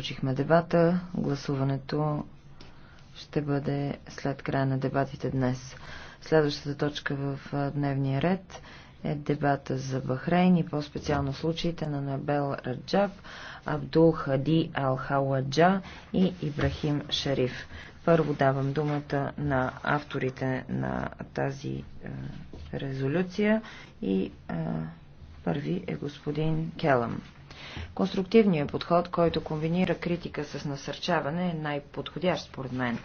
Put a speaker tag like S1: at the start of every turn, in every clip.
S1: Приключихме дебата. Гласуването ще бъде след края на дебатите днес. Следващата точка в дневния ред е дебата за Бахрейн и по-специално случаите на Набел Раджаб, Абдул Хади Ал Хауаджа и Ибрахим Шариф. Първо давам думата на авторите на тази резолюция и първи е господин Келъм. Конструктивният подход, който комбинира критика с насърчаване, е най-подходящ според мен.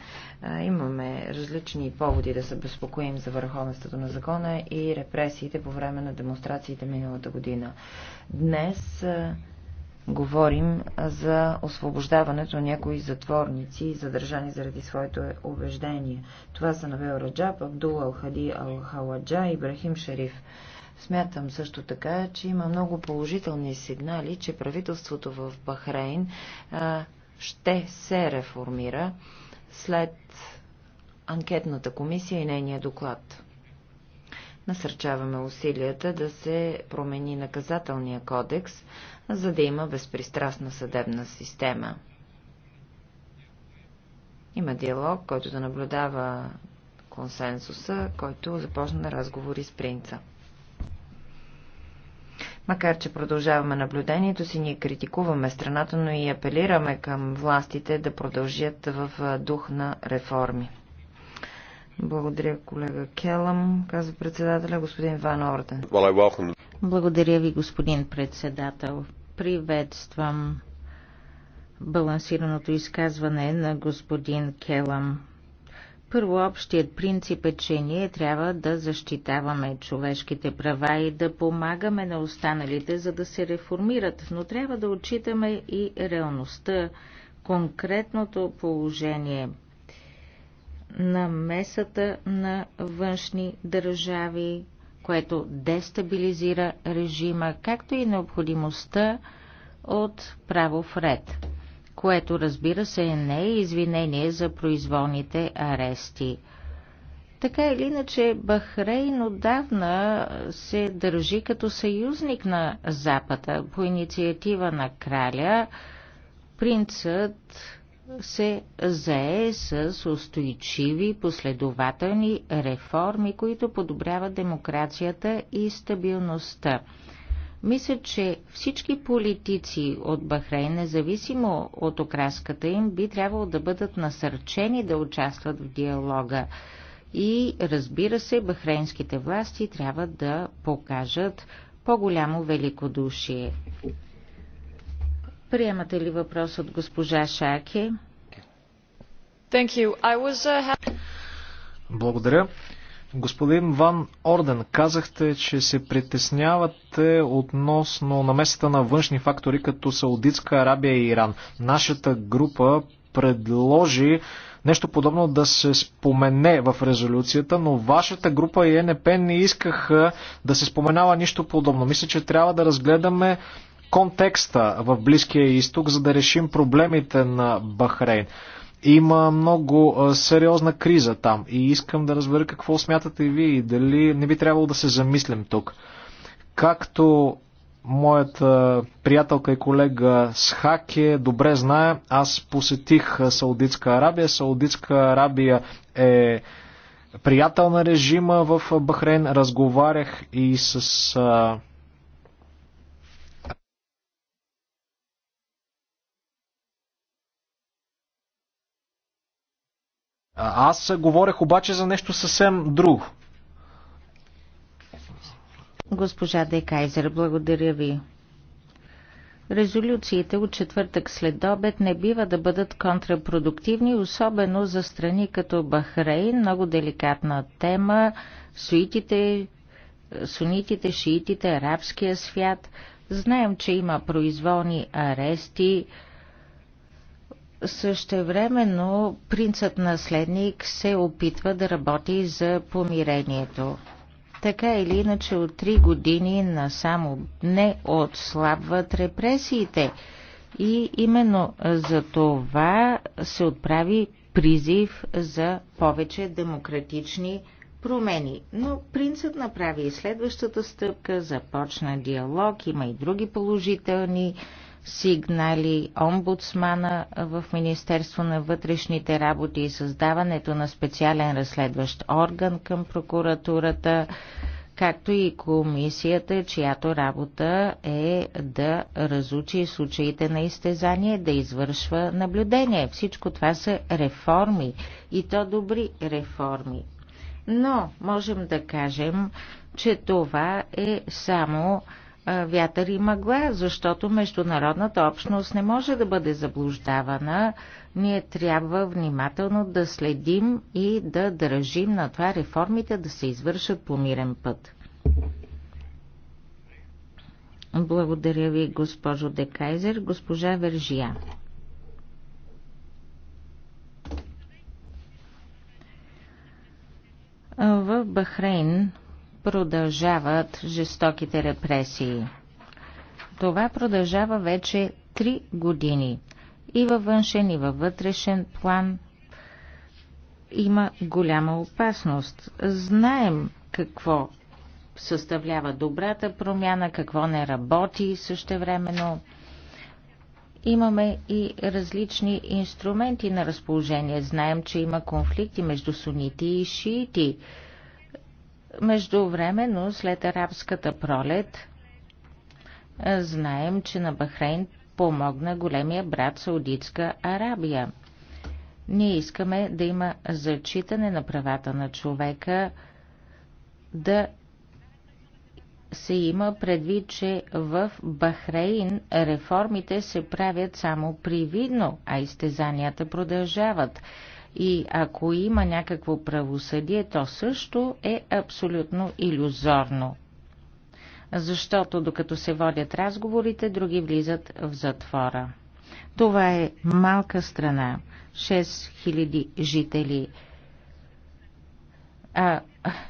S1: Имаме различни поводи да се безпокоим за върховенството на закона и репресиите по време на демонстрациите миналата година. Днес говорим за освобождаването на някои затворници, задържани заради своето убеждение. Това са Навел Раджаб, Абдул Алхади Алхаладжа и Ибрахим Шериф. Смятам също така, че има много положителни сигнали, че правителството в Бахрейн а, ще се реформира след анкетната комисия и нейния доклад. Насърчаваме усилията да се промени наказателния кодекс, за да има безпристрастна съдебна система. Има диалог, който да наблюдава консенсуса, който започна разговори с принца. Макар, че продължаваме наблюдението си, ние критикуваме страната, но и апелираме към властите да продължат в дух на реформи. Благодаря, колега Келъм, казва председателя господин Ван Орден.
S2: Благодаря ви, господин председател. Приветствам балансираното изказване на господин Келъм. Първо, общият принцип е, че ние трябва да защитаваме човешките права и да помагаме на останалите, за да се реформират, но трябва да отчитаме и реалността, конкретното положение на месата на външни държави, което дестабилизира режима, както и необходимостта от правов ред което разбира се не е извинение за произволните арести. Така или иначе, Бахрейн отдавна се държи като съюзник на Запада. По инициатива на краля, принцът се зае с устойчиви последователни реформи, които подобряват демокрацията и стабилността. Мисля, че всички политици от Бахрейн, независимо от окраската им, би трябвало да бъдат насърчени да участват в диалога. И разбира се, бахрейнските власти трябва да покажат по-голямо великодушие. Приемате ли въпрос от госпожа Шаке? Thank you. I was, uh...
S3: Благодаря. Господин Ван Орден, казахте, че се притеснявате относно намесата на външни фактори като Саудитска Арабия и Иран. Нашата група предложи нещо подобно да се спомене в резолюцията, но вашата група и ЕНП не искаха да се споменава нищо подобно. Мисля, че трябва да разгледаме контекста в Близкия изток, за да решим проблемите на Бахрейн. Има много сериозна криза там и искам да разбера какво смятате и вие и дали не би трябвало да се замислим тук. Както моята приятелка и колега Схаке добре знае, аз посетих Саудитска Арабия. Саудитска Арабия е приятел на режима в Бахрейн. Разговарях и с Аз говорех обаче за нещо съвсем друго.
S2: Госпожа Декайзер, благодаря ви. Резолюциите от четвъртък след обед не бива да бъдат контрапродуктивни, особено за страни като Бахрейн, много деликатна тема, суитите, сунитите, шиитите, арабския свят. Знаем, че има произволни арести, Същевременно принцът наследник се опитва да работи за помирението. Така или иначе от три години само не отслабват репресиите. И именно за това се отправи призив за повече демократични промени. Но принцът направи и следващата стъпка, започна диалог, има и други положителни сигнали омбудсмана в Министерство на вътрешните работи и създаването на специален разследващ орган към прокуратурата, както и комисията, чиято работа е да разучи случаите на изтезание, да извършва наблюдение. Всичко това са реформи и то добри реформи. Но можем да кажем, че това е само вятър и мъгла, защото международната общност не може да бъде заблуждавана. Ние трябва внимателно да следим и да държим на това реформите да се извършат по мирен път. Благодаря ви, госпожо Декайзер. Госпожа Вержия. В Бахрейн продължават жестоките репресии. Това продължава вече три години. И във външен, и във вътрешен план има голяма опасност. Знаем какво съставлява добрата промяна, какво не работи същевременно. Имаме и различни инструменти на разположение. Знаем, че има конфликти между сунити и шиити. Междувременно, след арабската пролет, знаем, че на Бахрейн помогна големия брат Саудитска Арабия. Ние искаме да има зачитане на правата на човека, да се има предвид, че в Бахрейн реформите се правят само привидно, а изтезанията продължават. И ако има някакво правосъдие, то също е абсолютно иллюзорно. Защото докато се водят разговорите, други влизат в затвора. Това е малка страна, 6000 жители. А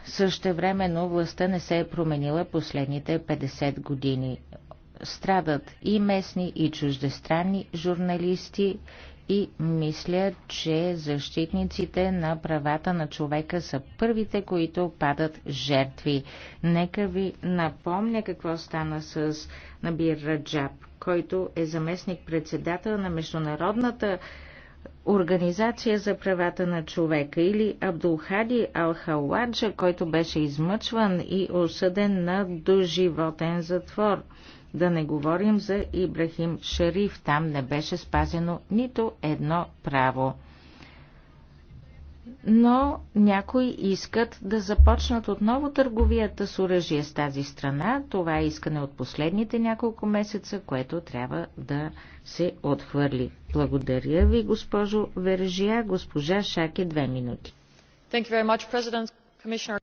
S2: същевременно властта не се е променила последните 50 години. Страдат и местни, и чуждестранни журналисти, и мисля, че защитниците на правата на човека са първите, които падат жертви. Нека ви напомня какво стана с Набир Раджаб, който е заместник-председател на Международната Организация за правата на човека или Абдулхади Алхаладжа, който беше измъчван и осъден на доживотен затвор. Да не говорим за Ибрахим Шариф, там не беше спазено нито едно право. Но някои искат да започнат отново търговията с оръжие с тази страна. Това е искане от последните няколко месеца, което трябва да се отхвърли. Благодаря ви, госпожо Вержия. Госпожа Шаки, две минути.
S3: Thank you very much,
S2: President.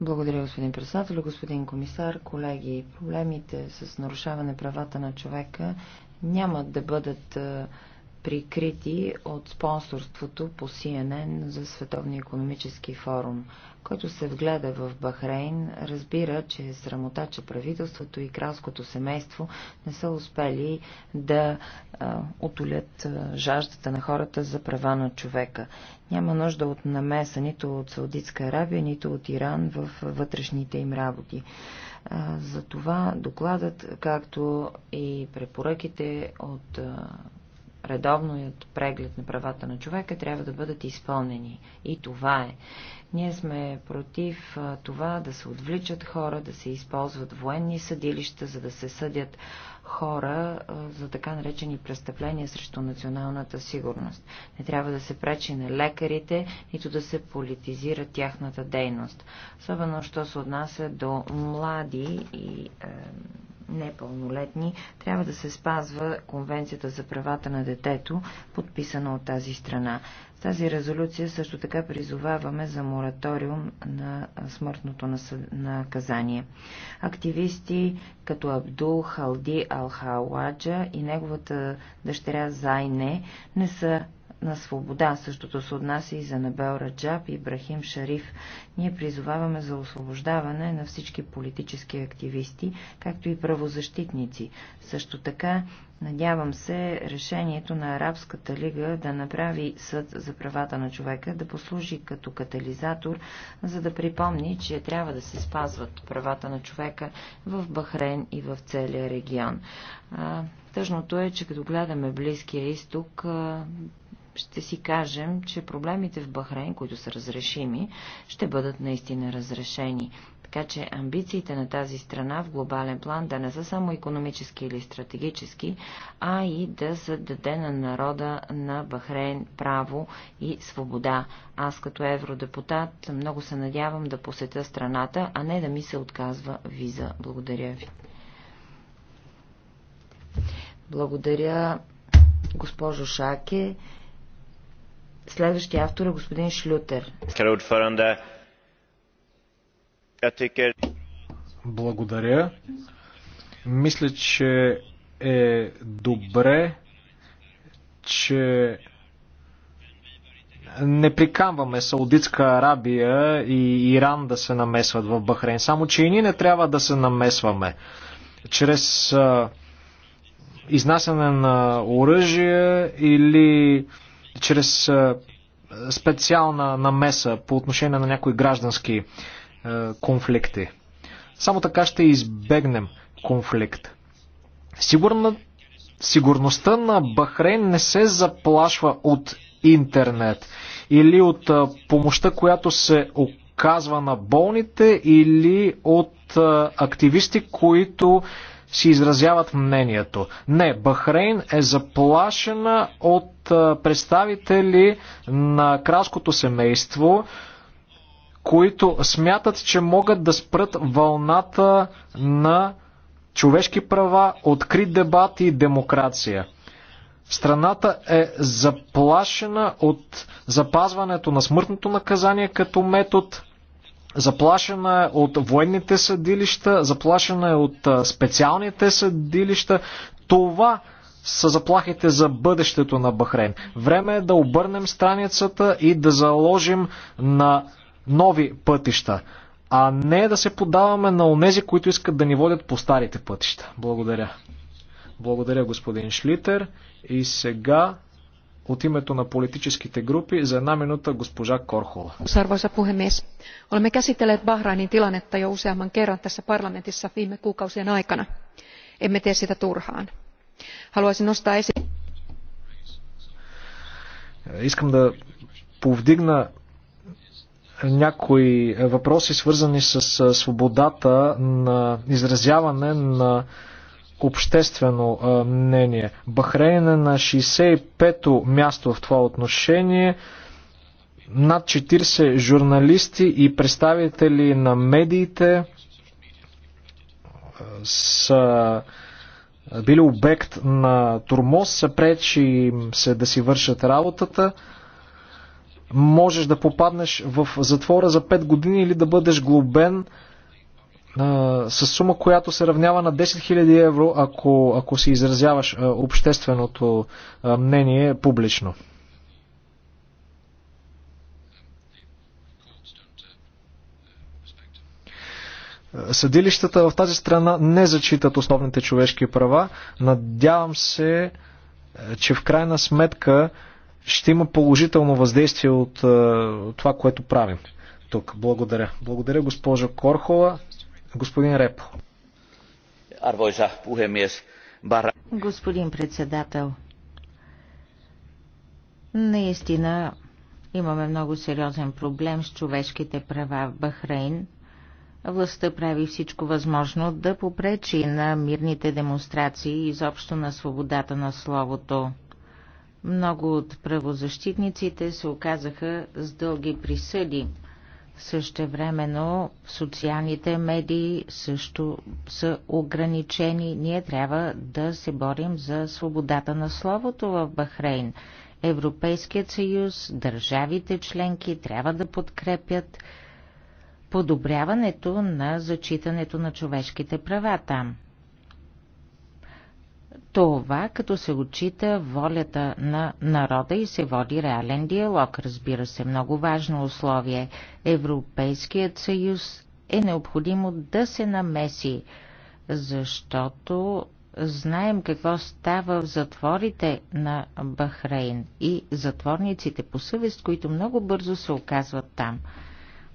S1: Благодаря, господин председател, господин комисар, колеги. Проблемите с нарушаване правата на човека няма да бъдат прикрити от спонсорството по CNN за Световния економически форум. Който се вгледа в Бахрейн, разбира, че е срамота, че правителството и кралското семейство не са успели да а, отолят а, жаждата на хората за права на човека. Няма нужда от намеса нито от Саудитска Арабия, нито от Иран в вътрешните им работи. затова докладът, както и препоръките от а, редовният преглед на правата на човека трябва да бъдат изпълнени. И това е. Ние сме против това да се отвличат хора, да се използват военни съдилища, за да се съдят хора за така наречени престъпления срещу националната сигурност. Не трябва да се пречи на лекарите, нито да се политизира тяхната дейност. Особено, що се отнася до млади и е, непълнолетни, трябва да се спазва Конвенцията за правата на детето, подписана от тази страна. С тази резолюция също така призоваваме за мораториум на смъртното наказание. Активисти като Абдул Халди Алхауаджа и неговата дъщеря Зайне не са на свобода. Същото се отнася и за Набел Раджаб и Брахим Шариф. Ние призоваваме за освобождаване на всички политически активисти, както и правозащитници. Също така Надявам се решението на Арабската лига да направи съд за правата на човека да послужи като катализатор, за да припомни, че трябва да се спазват правата на човека в Бахрейн и в целия регион. Тъжното е, че като гледаме Близкия изток, ще си кажем, че проблемите в Бахрейн, които са разрешими, ще бъдат наистина разрешени. Така че амбициите на тази страна в глобален план да не са само економически или стратегически, а и да зададе даде на народа на Бахрейн право и свобода. Аз като евродепутат много се надявам да посетя страната, а не да ми се отказва виза. Благодаря ви. Благодаря, госпожо Шаке. Следващия автор е господин Шлютер.
S3: Благодаря. Мисля, че е добре, че не приканваме Саудитска Арабия и Иран да се намесват в Бахрейн. Само, че и ние не трябва да се намесваме. Чрез а, изнасяне на оръжие или а, чрез специална намеса по отношение на някои граждански конфликти. Само така ще избегнем конфликт. Сигурна, сигурността на Бахрейн не се заплашва от интернет или от помощта, която се оказва на болните или от активисти, които си изразяват мнението. Не, Бахрейн е заплашена от представители на кралското семейство, които смятат, че могат да спрат вълната на човешки права, открит дебат и демокрация. Страната е заплашена от запазването на смъртното наказание като метод, Заплашена е от военните съдилища, заплашена е от специалните съдилища. Това са заплахите за бъдещето на Бахрейн. Време е да обърнем страницата и да заложим на нови пътища, а не да се подаваме на онези, които искат да ни водят по старите пътища. Благодаря. Благодаря, господин Шлитер. И сега от името на политическите групи за една минута госпожа Корхола.
S2: Arvoisa puhemies, olemme käsitelleet Bahrainin tilannetta jo useamman kerran tässä parlamentissa viime kuukausien aikana. Emme tee sitä turhaan. Haluaisin nostaa esiin.
S3: Искам да повдигна някои въпроси, свързани с свободата на изразяване на обществено мнение. Бахрейн е на 65-то място в това отношение. Над 40 журналисти и представители на медиите са били обект на турмоз, са пречи им се да си вършат работата. Можеш да попаднеш в затвора за 5 години или да бъдеш глобен с сума, която се равнява на 10 000 евро, ако, ако си изразяваш общественото мнение публично. Съдилищата в тази страна не зачитат основните човешки права. Надявам се, че в крайна сметка ще има положително въздействие от това, което правим тук. Благодаря. Благодаря, госпожа Корхова. Господин Репо. Господин председател,
S2: наистина имаме много сериозен проблем с човешките права в Бахрейн. Властта прави всичко възможно да попречи на мирните демонстрации и изобщо на свободата на словото. Много от правозащитниците се оказаха с дълги присъди – Същевременно социалните медии също са ограничени. Ние трябва да се борим за свободата на словото в Бахрейн. Европейският съюз, държавите членки трябва да подкрепят подобряването на зачитането на човешките права там това, като се отчита волята на народа и се води реален диалог, разбира се, много важно условие. Европейският съюз е необходимо да се намеси, защото знаем какво става в затворите на Бахрейн и затворниците по съвест, които много бързо се оказват там.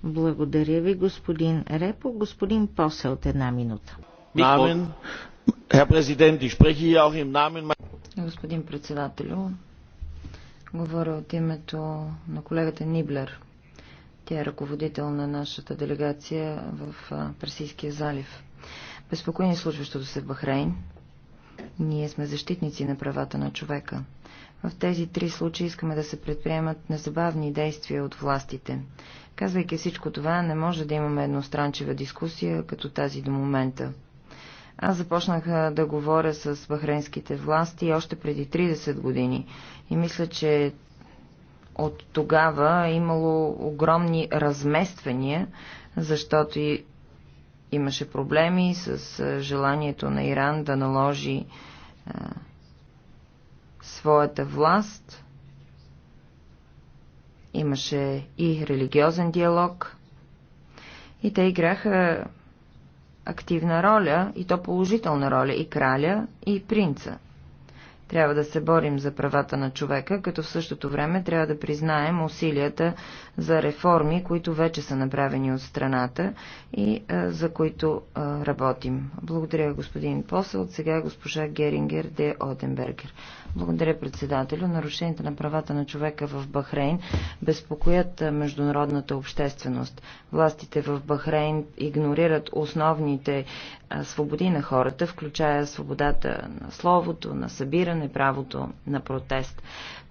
S2: Благодаря ви, господин Репо. Господин Посел, от една минута. Господин председателю,
S1: говоря от името на колегата Ниблер. Тя е ръководител на нашата делегация в Персийския залив. Безпокоени е случващото се в Бахрейн. Ние сме защитници на правата на човека. В тези три случаи искаме да се предприемат незабавни действия от властите. Казвайки всичко това, не може да имаме едностранчива дискусия, като тази до момента. Аз започнах да говоря с бахрейнските власти още преди 30 години и мисля, че от тогава е имало огромни размествания, защото и имаше проблеми с желанието на Иран да наложи своята власт. Имаше и религиозен диалог. И те играха активна роля, и то положителна роля, и краля, и принца. Трябва да се борим за правата на човека, като в същото време трябва да признаем усилията за реформи, които вече са направени от страната и е, за които е, работим. Благодаря господин Посъл. От сега госпожа Герингер де Оденбергер. Благодаря председателю. Нарушените на правата на човека в Бахрейн безпокоят е, международната общественост. Властите в Бахрейн игнорират основните свободи на хората, включая свободата на словото, на събиране, правото на протест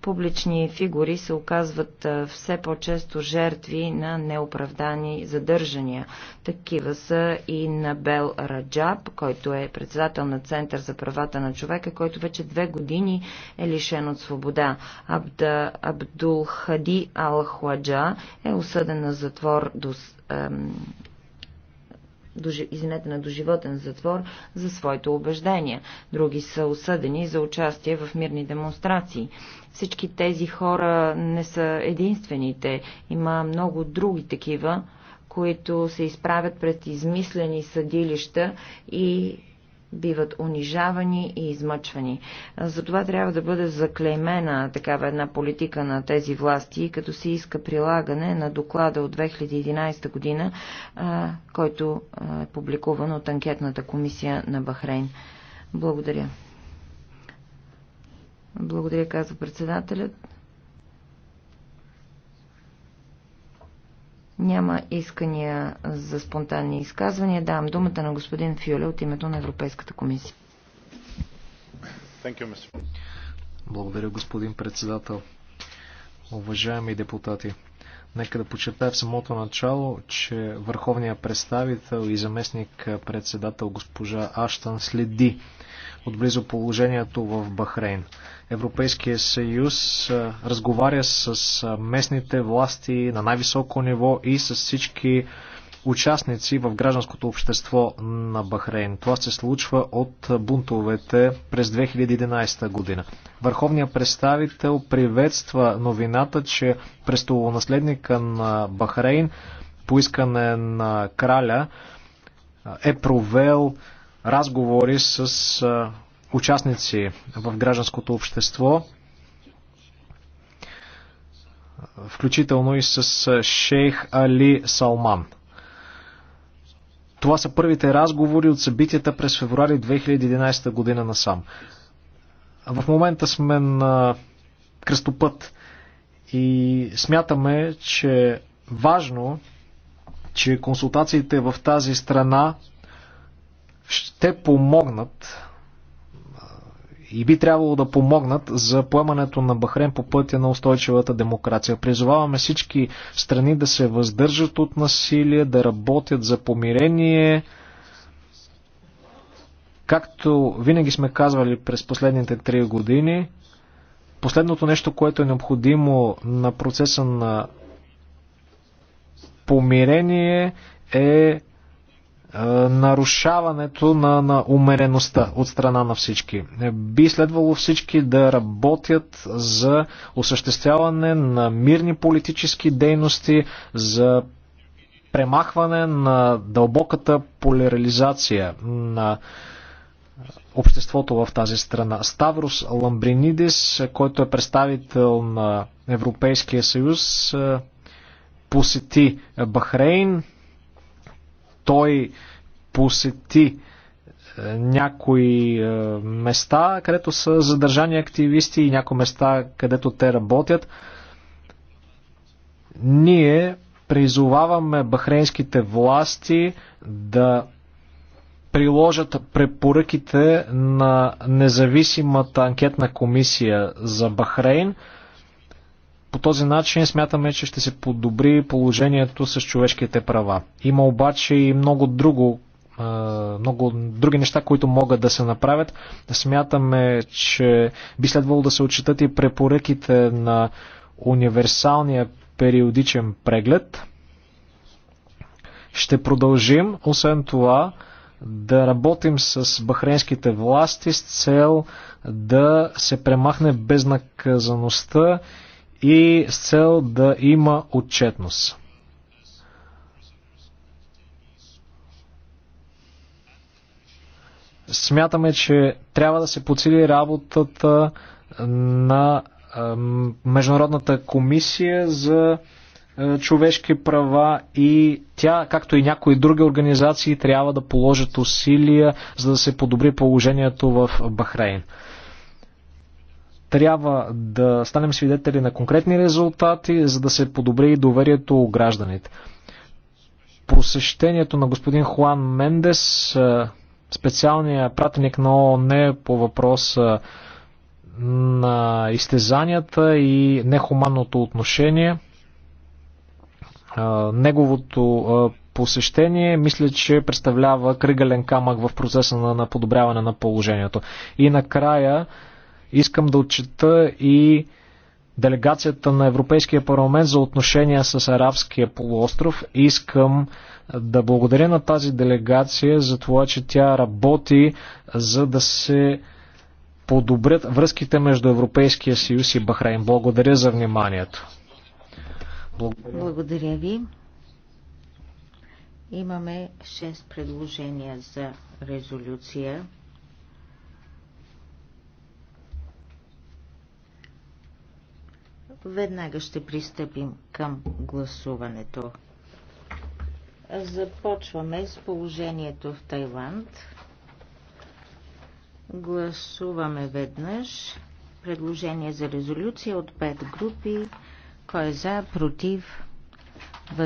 S1: публични фигури се оказват все по-често жертви на неоправдани задържания. Такива са и Набел Раджаб, който е председател на Център за правата на човека, който вече две години е лишен от свобода. Абда, Абдул Хади Ал Хладжа е осъден на затвор до извинете, на доживотен затвор за своите убеждения. Други са осъдени за участие в мирни демонстрации. Всички тези хора не са единствените. Има много други такива, които се изправят пред измислени съдилища и биват унижавани и измъчвани. Затова трябва да бъде заклеймена такава една политика на тези власти, като се иска прилагане на доклада от 2011 година, който е публикуван от анкетната комисия на Бахрейн. Благодаря. Благодаря, казва председателят. Няма искания за спонтанни изказвания. Давам думата на господин Фюле от името на Европейската комисия.
S3: Благодаря, господин председател. Уважаеми депутати, нека да почертая в самото начало, че върховният представител и заместник председател госпожа Аштан следи отблизо положението в Бахрейн. Европейския съюз разговаря с местните власти на най-високо ниво и с всички участници в гражданското общество на Бахрейн. Това се случва от бунтовете през 2011 година. Върховният представител приветства новината, че престолонаследника на Бахрейн поискане на краля е провел разговори с участници в гражданското общество, включително и с шейх Али Салман. Това са първите разговори от събитията през февруари 2011 година насам. В момента сме на кръстопът и смятаме, че важно, че консултациите в тази страна ще помогнат и би трябвало да помогнат за поемането на Бахрен по пътя на устойчивата демокрация. Призоваваме всички страни да се въздържат от насилие, да работят за помирение. Както винаги сме казвали през последните три години, последното нещо, което е необходимо на процеса на помирение е е, нарушаването на, на умереността от страна на всички. Е, би следвало всички да работят за осъществяване на мирни политически дейности, за премахване на дълбоката поляризация на обществото в тази страна. Ставрос Ламбринидис, който е представител на Европейския съюз, е, посети Бахрейн той посети е, някои е, места, където са задържани активисти и някои места, където те работят. Ние призоваваме бахрейнските власти да приложат препоръките на независимата анкетна комисия за Бахрейн – по този начин смятаме, че ще се подобри положението с човешките права. Има обаче и много друго много други неща, които могат да се направят. Смятаме, че би следвало да се отчитат и препоръките на универсалния периодичен преглед. Ще продължим, освен това, да работим с бахренските власти с цел да се премахне безнаказаността и с цел да има отчетност. Смятаме, че трябва да се подсили работата на Международната комисия за човешки права и тя, както и някои други организации, трябва да положат усилия, за да се подобри положението в Бахрейн трябва да станем свидетели на конкретни резултати, за да се подобри и доверието у гражданите. Посещението на господин Хуан Мендес, е, специалния пратеник на ООН е по въпроса на изтезанията и нехуманното отношение, е, неговото посещение, мисля, че представлява кръгален камък в процеса на, на подобряване на положението. И накрая, Искам да отчита и делегацията на Европейския парламент за отношения с Арабския полуостров. Искам да благодаря на тази делегация за това, че тя работи за да се подобрят връзките между Европейския съюз и Бахрейн. Благодаря за вниманието. Благодаря,
S2: Благодаря ви. Имаме 6 предложения за резолюция. Веднага ще пристъпим към гласуването. Започваме с положението в Тайланд. Гласуваме веднъж предложение за резолюция от пет групи. Кой е за, против, въздържал